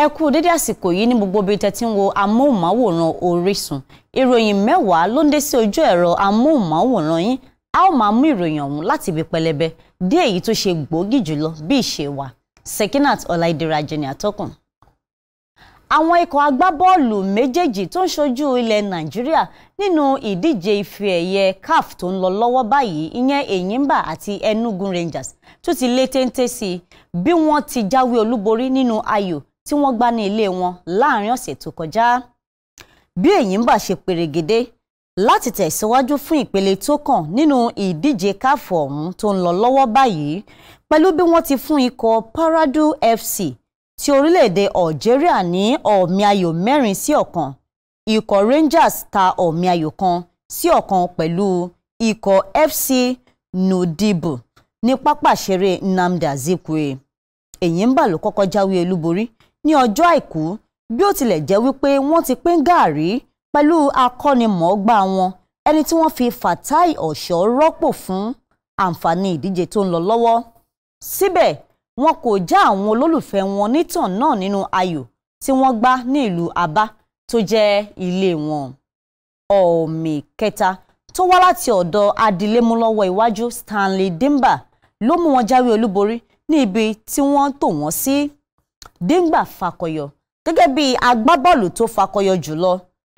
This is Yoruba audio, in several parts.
ẹ kú dédé àsìkò yìí ní gbogbo ibi tẹ́tí ń wo amóhùnmáwòrán Orísun ìròyìn mẹ́wàá ló ń dé sí ojú ẹ̀rọ amóhùnmáwòrán yín a ó máa mú ìròyìn ọ̀hún láti ibi pẹlẹbẹ dé èyí tó ṣe gbòógì jùlọ bí ìṣe wa Sekinat Ọláìdírajẹ ni atọ́kùn àwọn ikọ̀ agbábọ́ọ̀lù méjèèjì tó ń ṣojú ilẹ̀ nàìjíríà nínú ìdíje ife ẹ̀yẹ caf tó ń lọ lọ́wọ́ báyìí ìyẹn èyínbà àti enugu rangers tó ti lé téńté sí i bí wọ́n ti jáwé olúborí nínú ayò tí wọ́n gbá ní ilé wọn láàrin ọ̀sẹ̀ tó kọjá bí èyí ń bà ṣe pèrègede láti tẹ̀síwájú fún ìpele tó kàn nínú ìdíje káfọ̀ ọ̀hún tó ń lọ lọ́wọ́ báyìí pẹ̀lú bí wọ́n ti fún ikọ̀ Paradu FC ti orílẹ̀-èdè Algeria ní ọ̀mì ayò mẹ́rin sí ọ̀kan ikọ̀ Rangers ta ọ̀mì ayò kan sí ọ̀kan pẹ̀lú ikọ̀ FC Nodibu ní pápá ìṣeré Nnamdi Azikwe èyí ń bà ló kọ́kọ́ jáwé olúborí ní ọjọ́ àìkú bí ó tilẹ̀ jẹ́ wípé wọ́n ti pín gàárì pẹ̀lú akọ́nimọ̀ọ́gbá wọn ẹni tí wọ́n fi Fatai Ọ̀ṣọ́ rọ́pò fún àǹfààní ìdíje tó ń lọ lọ́wọ́ síbẹ̀ wọn kò já àwọn olólùfẹ́ wọn nítàn náà nínú ayò tí wọ́n gbá ní ìlú Aba tó jẹ́ ilé wọn ọ̀mì kẹta tó wá láti ọ̀dọ̀ adìlẹ́múlọ́wọ́ iwájú Stanley Dimba ló mú wọn jáwé olúborí ní ibi tí wọ́n tò wọ́n sí. Si Denga fakọyọ gẹ́gẹ́ bí agbábọ́ọ̀lù tó fakọyọ jùlọ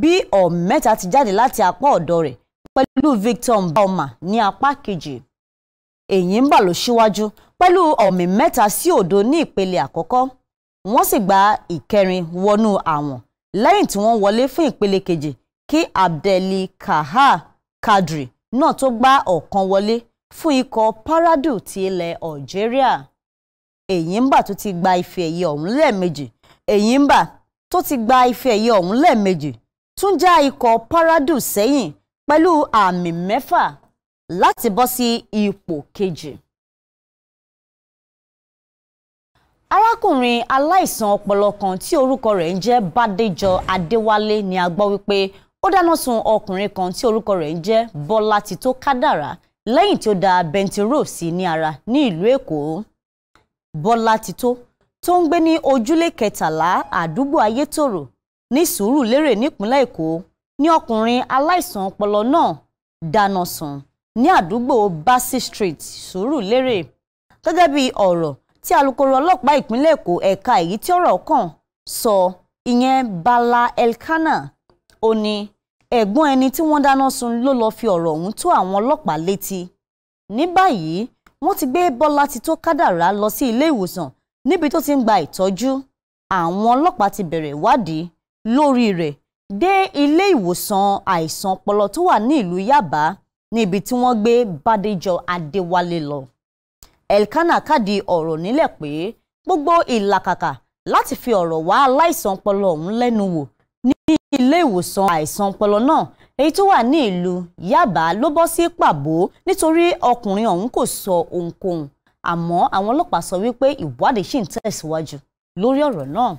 bí ọ̀mẹ́ta ti jáde láti apá ọ̀dọ̀ rẹ̀ pẹ̀lú Victor Mboma ní apá kejì èyí ń bà ló síwájú pẹ̀lú ọ̀mì mẹ́ta sí òdo ní ìpele àkọ́kọ́ wọ́n sì gba ìkẹrin wọnú àwọn lẹ́yìn tí wọ́n wọlé fún ìpele kejì kí Abdeli Kahar Kadri náà tó gba ọ̀kan wọlé fún ikọ̀ Paradu ti ilẹ̀ Algeria. Èyìnbà tó ti gba ife ẹ̀yẹ ọ̀hún lẹ́ẹ̀mejì Èyìnbà tó ti gba ife ẹ̀yẹ ọ̀hún lẹ́ẹ̀mejì tún já ikọ̀ Paradu sẹ́yìn pẹ̀lú àmì mẹ́fà láti bọ́ sí ipò kejì. arákùnrin aláìsàn ọpọlọ kan tí orúkọ rẹ̀ ń jẹ́ Bádéjọ Adéwálé ni a gbọ́ wípé ó dáná sun ọkùnrin kan tí orúkọ rẹ̀ ń jẹ́ Bọ́látitó Kádàrá lẹ́yìn tí ó da bẹntiróò sí ní ara ní ìlú Èkó bọ́látitó tó ń gbé ní ojúlé kẹtàlá àdúgbò ayétòrò ní sùúrùlérè nípínlẹ̀ èkó ní ọkùnrin aláìsàn ọpọlọ náà dáná sun ní àdúgbò Bassey Street sùúrùlérè gẹ́gẹ́ bí ọ̀rọ̀ tí alukoro ọlọ́pàá ìpínlẹ̀ èkó ẹ̀ka èyí tí ọ̀rọ̀ kàn sọ ìyẹn Bala Elkana ó ní ẹ̀gbọ́n ẹni tí wọ́n dáná sun ló lọ́ọ́ fi ọ̀rọ̀ ọ̀hún tó àwọn ọlọ́pàá létí ní báyìí wọ́n ti gbé Bọ́lá ti tó kádàrá lọ sí ilé ìwòsàn níbi tó ti ń gba ìtọ́jú àwọn ọlọ́pàá ti bẹ̀rẹ̀ ìwádìí lórí rẹ̀ dé ilé ìwòsàn àìsàn ọpọlọ tó wà ní ìlú Yàbá níbi tí wọ́n gbé Bádéjọ Adéwálé lọ Elkanah kàdí ọ̀rọ̀ nílẹ̀ pé gbogbo ìlàkàkà láti fi ọ̀rọ̀ wá aláìsàn ọpọlọ ọ̀hún lẹ́nu wò ní ilé ìwòsàn àìsàn ọpọlọ náà èyí tó wà ní ìlú Yaba ló bọ́ sí pàbó nítorí ọkùnrin ọ̀hún kò sọ ohunkóhun àmọ́ àwọn ọlọ́pàá sọ wípé ìwádìí ṣì ń tẹ̀síwájú lórí ọ̀rọ̀ náà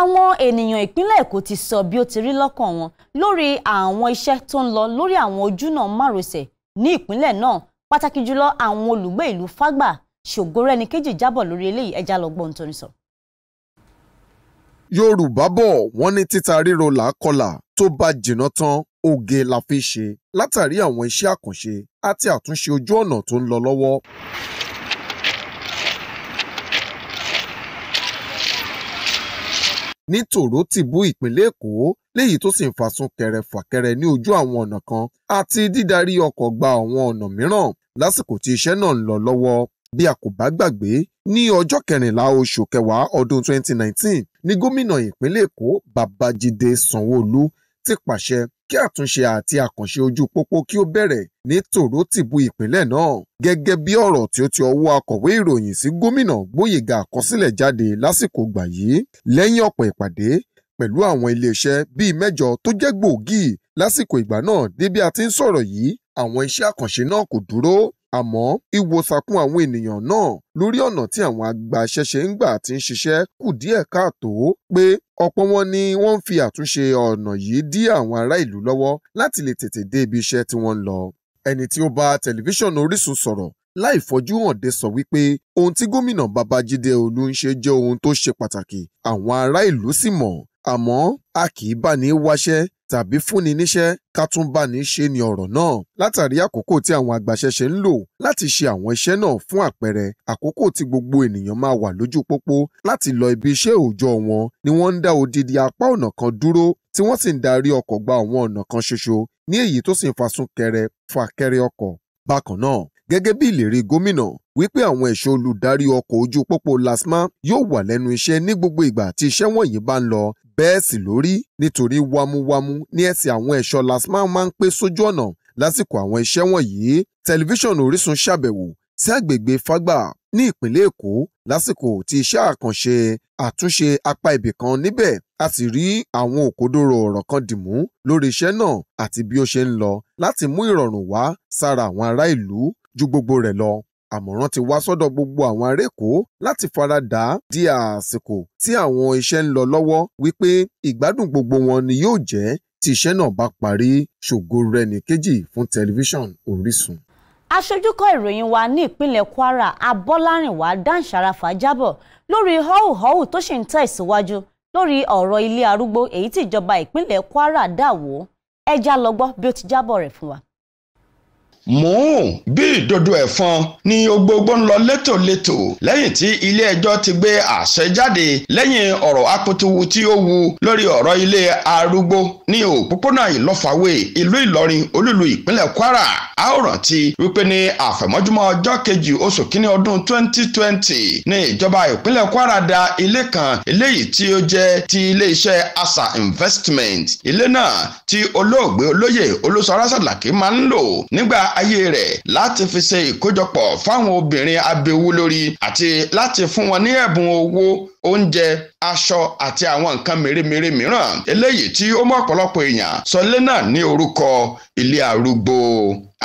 àwọn ènìyàn ìpínlẹ̀ Èkó ti sọ bí ó ti rí lọ́kàn wọn lórí àwọn iṣẹ́ tó ń lọ lórí àwọn ojúnà márosẹ̀ ní ìpínlẹ̀ náà pàtàkì jùlọ àwọn olùgbé ìlú Fágbà ṣògo rẹ́ni kejì jábọ̀ lórí eléyìí ẹja lọ́gbọ́n tó ń sọ yorùbá bọ̀ wọ́n ní títa ríro làákọlà tó bá jìnnà tán oge la fi ṣe látàrí àwọn iṣẹ́ àkànṣe àti àtúnṣe ojú ọ̀nà tó ń lọ lọ́wọ́. ní tòrótìbú ìpínlẹ̀ èkó léyìí tó sì ń fa súnkẹrẹ fàkẹrẹ ní ojú àwọn ọ̀nà kan àti dídarí ọkọ̀ gba àwọn ọ̀nà mìíràn lásìkò tí iṣẹ́ náà ń lọ lọ́wọ́ bí a kò bá gbàgbé ní ọjọ́ kẹrìnlá oṣù kẹwàá ọdún 2019 ni gómìnà ìpínlẹ̀ èkó babájídé sanwó-olú ti pàṣẹ kí àtúnṣe àti àkànṣe ojú pópó kí ó bẹ̀rẹ̀ ní tòrótìbú ìpínlẹ̀ náà gẹ́gẹ́ bí ọ̀rọ̀ tí ó ti ọwọ́ akọ̀wé ìròyìn sí gómìnà gbóyèga àkọsílẹ̀ jáde lásìkò gbà yìí lẹ́yìn ọ̀pọ̀ ìpàdé pẹ̀lú àwọn iléeṣẹ́ bíi mẹ́jọ tó jẹ́ gbòógì lásìkò ìgbà náà dé bí a ti ń sọ̀rọ̀ yìí àwọn iṣẹ́ àkànṣe náà kò dúró àmọ́ ìwòsàkun àwọn ènìyàn náà lórí ọ̀nà tí àwọn agbaṣẹ́ṣe ń gbà ti ń ṣiṣẹ́ kù díẹ̀ káàtó pé ọ̀pọ̀ wọn ni wọ́n ń fi àtúnṣe ọ̀nà yìí dí àwọn ará ìlú lọ́wọ́ láti lè tètè dé ibi iṣẹ́ tí wọ́n ń lọ. ẹni tí ó bá tẹlifíṣàn Orísun sọ̀rọ̀ láì fojú hàn dé sọ wípé ohun tí gómìnà Babájídé Olú ń ṣe jẹ́ ohun tó ṣe pàtàkì àwọn ará ìlú sì mọ̀ àmọ́ a kì í báni wáṣẹ́ tàbí fúnni níṣẹ́ ká tún báni ṣe ni ọ̀rọ̀ náà látàrí àkókò tí àwọn agbaṣẹ́ṣe ń lò láti ṣe àwọn iṣẹ́ náà fún àpẹẹrẹ àkókò tí gbogbo ènìyàn máa wà lójú pópó láti lọ ibi iṣẹ́ òòjọ́ wọn ni wọ́n ń dá odidi apá ọ̀nà kan dúró tí wọ́n sì ń darí ọkọ̀ gba àwọn ọ̀nà kan ṣoṣo ní èyí tó sì ń fa súnkẹrẹ ọkọ̀ bákan náà gẹ́gẹ́ bí ìlérí gómìnà wípé àwọn ẹ̀ṣọ́ olùdarí ọkọ̀ ojú pópó lasma yóò wà lẹ́nu iṣẹ́ ní gbogbo ìgbà tí iṣẹ́ wọ̀nyí bá ń lọ bẹ́ẹ̀ sì ló rí nítorí wámúwámú ní ẹ̀sìn àwọn ẹ̀ṣọ́ lasman máa ń pé sójú ọ̀nà lásìkò àwọn iṣẹ́ wọ̀nyí tẹlifíṣàn Orísun ṣàbẹ̀wò sí àgbègbè fagba ní ìpínlẹ̀ Èkó lásìkò tí iṣẹ́ àkànṣe àtúnṣe apá ibì kan níbẹ̀ a sì rí àwọn òkodoro ọ̀rọ̀ kan dìmú lórí iṣẹ́ náà àti bí ó ṣe ń lọ láti mú ìrọ̀rùn wá sára àwọn ará ìlú ju gbogbo rẹ̀ lọ àmọ̀ràn ti wá sọ́dọ̀ gbogbo àwọn ará Èkó láti faradà di àsìkò tí àwọn iṣẹ́ ń lọ lọ́wọ́ wípé ìgbádùn gbogbo wọn ni yóò jẹ́ tí iṣẹ́ náà bá parí ṣògo rẹ̀ nìkejì fún tẹlifíṣàn Orísun. aṣojúkọ ìròyìn wa ní ìpínlẹ̀ Kwara Abọ́lárìnwá Dáǹsáráfà jábọ̀ lórí họ́wùhọ́wù tó ṣì ń tẹ̀síwájú lórí ọ̀rọ̀ ilé arúgbó èyí tí ìjọba ìpínlẹ̀ Kwara dà wó ẹja lọ́gbọ́ bí ó ti jábọ̀ rẹ̀ fún wa mùún bí ìdodo ẹ̀fọn ni gbogbo ń lọ létòlétò lẹ́yìn tí ilé ẹjọ́ ti gbé àṣẹ jáde lẹ́yìn ọ̀rọ̀ akutuwu tí ó wu lórí ọ̀rọ̀ ilé arúgbó ní òpópónà ìlọ́fàwé ìlú ìlọrin olúlu ìpínlẹ̀ kwara a ó rántí wípé ní àfẹ̀mọ́júmọ́ ọjọ́ kejì oṣù kínní ọdún 2020 ní ìjọba ìpínlẹ̀ kwara da ilé kan eléyìí tí ó jẹ́ ti iléeṣẹ́ asa investment ilé náà ti olóògbé olóyè olóṣọlá sàlàkí máa ń lò nígbà ayé rẹ̀ láti fi ṣe ìkójọpọ̀ fáwọn obìnrin abẹ́wú lórí àti láti fún wọn ní ẹ̀bùn owó oúnjẹ aṣọ àti àwọn nǹkan mèremère mìíràn eléyìí tí ó mú ọ̀pọ̀lọpọ̀ èèyàn sọlé náà ní orúkọ ilé arúgbó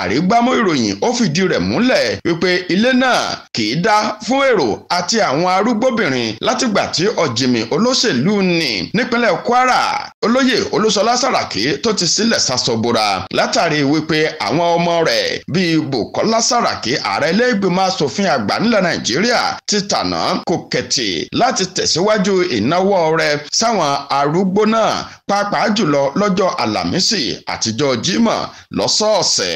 àrígbámú ìròyìn ó fìdí rẹ̀ múlẹ̀ wípé ilé náà kìí dá fún èrò àti àwọn arúgbóbìnrin látìgbà tí ọ̀jìnmí olóṣèlú ní nípínlẹ̀ Kwara olóyè Olúṣọlá Sàràkí tó ti sílẹ̀ sasọbora látàrí wípé àwọn ọmọ rẹ̀ bíi Bùkọ́lá Sàràkí ààrẹ ilé ìgbìmọ̀ asòfin àgbà nílẹ̀ Nàìjíríà ti tànà kò kẹ̀tì láti tẹ̀síwájú ìnáwó rẹ̀ sáwọn arúgbó náà pàápàá jùlọ lọ́jọ́ àlàmísì àtijọ́ jímọ̀ lọ́sọ̀ọ̀sẹ̀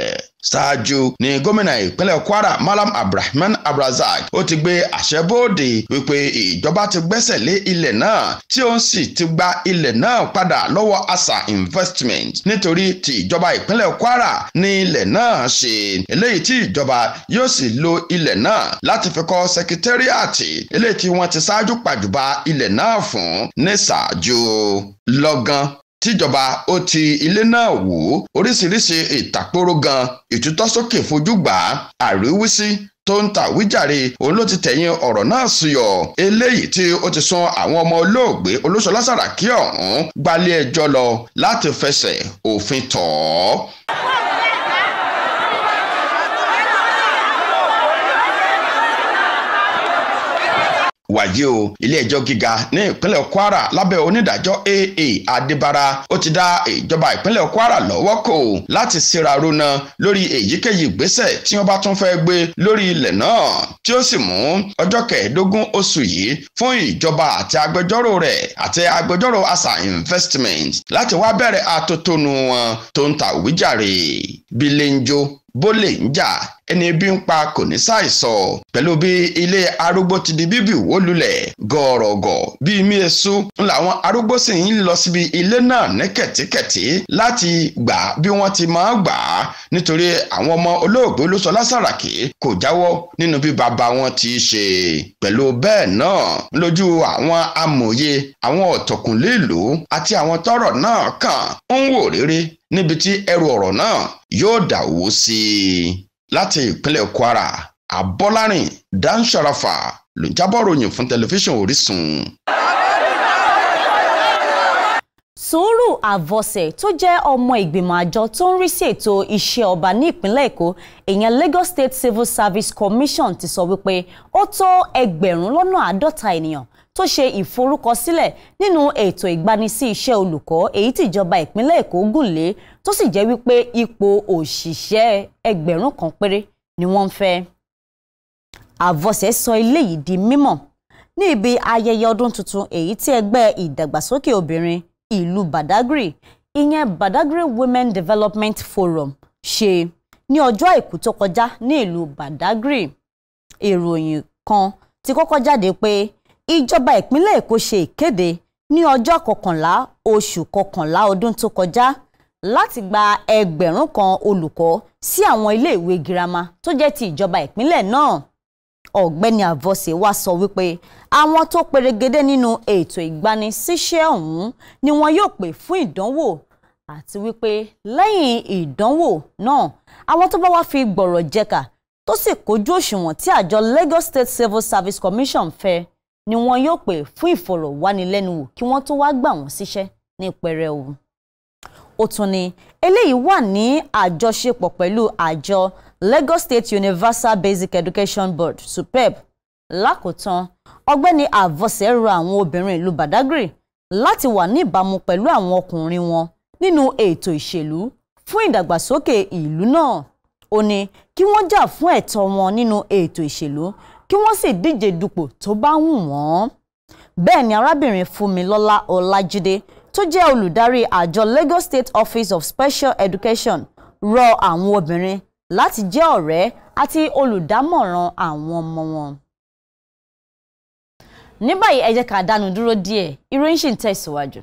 ṣáájú ni gómìnà ìpínlẹ̀ kwara malam abdulrahman abdulrasaq ó ti gbé àṣẹ bóde wípé ìjọba ti gbẹ́sẹ̀ lé ilẹ̀ náà tí ó sì ti gba ilẹ̀ náà padà lọ́wọ́ asa investment nítorí ti ìjọba ìpínlẹ̀ kwara ni ilẹ̀ náà ṣe eléyìí tí ìjọba yóò sì lo ilẹ̀ náà láti fi kọ́ sekitẹ́ríàtì eléyìí tí wọ́n ti ṣáájú pàjùbà ilẹ̀ náà fún ní ṣáájú lọ́gán tíjọba ó ti ilé náà wò oríṣiríṣi ìtàkpóró gan ìtútọ́sókè fojú gbà àríwísí tó ń tàwíjàre òun ló ti tẹ̀yìn ọ̀rọ̀ náà suyọ̀ eléyìí tí ó ti sún àwọn ọmọ olóògbé Olúṣọlá Sàràkí ọ̀hún gbalé ẹjọ́ lọ láti fẹsẹ̀ òfin tọ̀ ọ́. wàyí o ilé-ẹjọ́ gíga ní ìpínlẹ̀ kwara lábẹ́ onídàájọ́ aa adébára ó ti dá ìjọba ìpínlẹ̀ kwara lọ́wọ́ kò láti síra rona lórí èyíkéyìí ìgbésẹ̀ tí wọ́n bá tún fẹ́ gbé lórí ilẹ̀ náà tí ó sì mú ọjọ́ kẹẹ̀ẹ́dógún oṣù yìí fún ìjọba àti agbẹjọ́rò rẹ̀ àti agbẹjọ́rò asa investment láti wá bẹ̀rẹ̀ atótónu wọn tó ń ta òwíjàre bíléńjó bólè ń jà ẹni bí ń pa kò ní ṣàìsọ pẹ̀lú bí ilé arúgbó ti di bíbí wó lulẹ̀ gọ̀ọ̀rọ̀gọ̀ bíi mí esu làwọn arúgbó sì ń lọ síbi ilé náà ní kẹ̀tíkẹ̀tí láti gbà bí wọ́n ti máa gbà á nítorí àwọn ọmọ olóògbé Olúṣọlá Sàràkí kò jáwọ́ nínú bí bàbá wọn ti ṣe pẹ̀lú bẹ́ẹ̀ náà lójú àwọn amòye àwọn ọ̀tọ̀kùnlé àti àwọn tọ́rọ̀ náà kàn ń wò rere níbi tí ẹrù ọ̀rọ̀ náà yóò dàwó sí i láti ìpínlẹ̀ Kwara Abọ́lárìn Dan Sharafa ló ń jábọ̀ ròyìn fún tẹlifíṣàn Orísun sùúrù àvọ̀sẹ̀ tó jẹ́ ọmọ ìgbìmọ̀ àjọ tó ń rí sí ètò iṣẹ́ ọba ní ìpínlẹ̀ èkó ìyẹn Lagos State Civil Service Commission ti sọ wípé ó tó ẹgbẹ̀rún lọ́nà àádọ́ta ènìyàn tó ṣe ìforúkọsílẹ̀ nínú ètò ìgbanisí iṣẹ́ olùkọ́ èyí tí ìjọba ìpínlẹ̀ Èkó gùn lé tó sì jẹ́ wípé ipò òṣìṣẹ́ ẹgbẹ̀rún kan péré ni wọ́n ń fẹ́. Àvọ̀sẹ̀ sọ eléyìí di mímọ̀ ní ibi ayẹyẹ ọdún tuntun èyí tí ẹgbẹ́ ìdàgbàsókè obìnrin ìlú Badagry ìyẹn Badagry Women Development Forum ṣe ní ọjọ́ àìkú tó kọjá ní ìlú Badagry ìròyìn kan ti kọ́kọ́ jáde pé ìjọba ìpínlẹ̀ èkó ṣe ìkéde ní ọjọ́ kọkànlá oṣù kọkànlá ọdún tó kọjá láti gba ẹgbẹ̀rún kan olùkọ́ sí àwọn iléèwé girama tó jẹ́ ti ìjọba ìpínlẹ̀ náà ọ̀gbẹ́ni àvọ́sè wá sọ wípé àwọn tó perégedé nínú ètò ìgbanisíṣẹ́ ọ̀hún ni wọn yóò pè fún ìdánwò àti wípé lẹ́yìn ìdánwò náà àwọn tó bá wá fi gbọ̀rọ̀ jẹ̀ka tó sì kójú òṣùwọ̀n tí àjọ Lagos State Civil Service Commission fẹ́ ni wọn yóò pè fún ìfọ̀rọ̀wánilẹ́nuwò kí wọ́n tó wá gbà wọ́n síṣẹ́ ní pẹrẹu ó tún ní eléyìí wà ní àjọṣepọ̀ pẹ̀lú àjọ Lagos State Universal Basic Education Board SUPEB lákòótán ọ̀gbẹ́ni Avose rọ àwọn obìnrin ìlú Badagry láti wà ní ìbámu pẹ̀lú àwọn ọkùnrin wọn nínú ètò ìṣèlú fún ìdàgbàsókè ìlú náà ó ní kí wọ́n jà fún ẹ̀tọ́ wọn nínú ètò ìṣèlú kí wọ́n sì díje dupò tó bá wù wọ́n. bẹ́ẹ̀ ni arábìnrin Fúnmilọ́lá Ọlájídé tó jẹ́ olùdarí àjọ Lagos State Office of Special Education rọ àwọn obìnrin láti jẹ́ ọ̀rẹ́ àti olùdámọ̀ràn àwọn ọmọ wọn. ní báyìí ẹ jẹ́ ká dánu dúró díẹ̀ ìròyìn ṣì ń tẹ̀síwájú.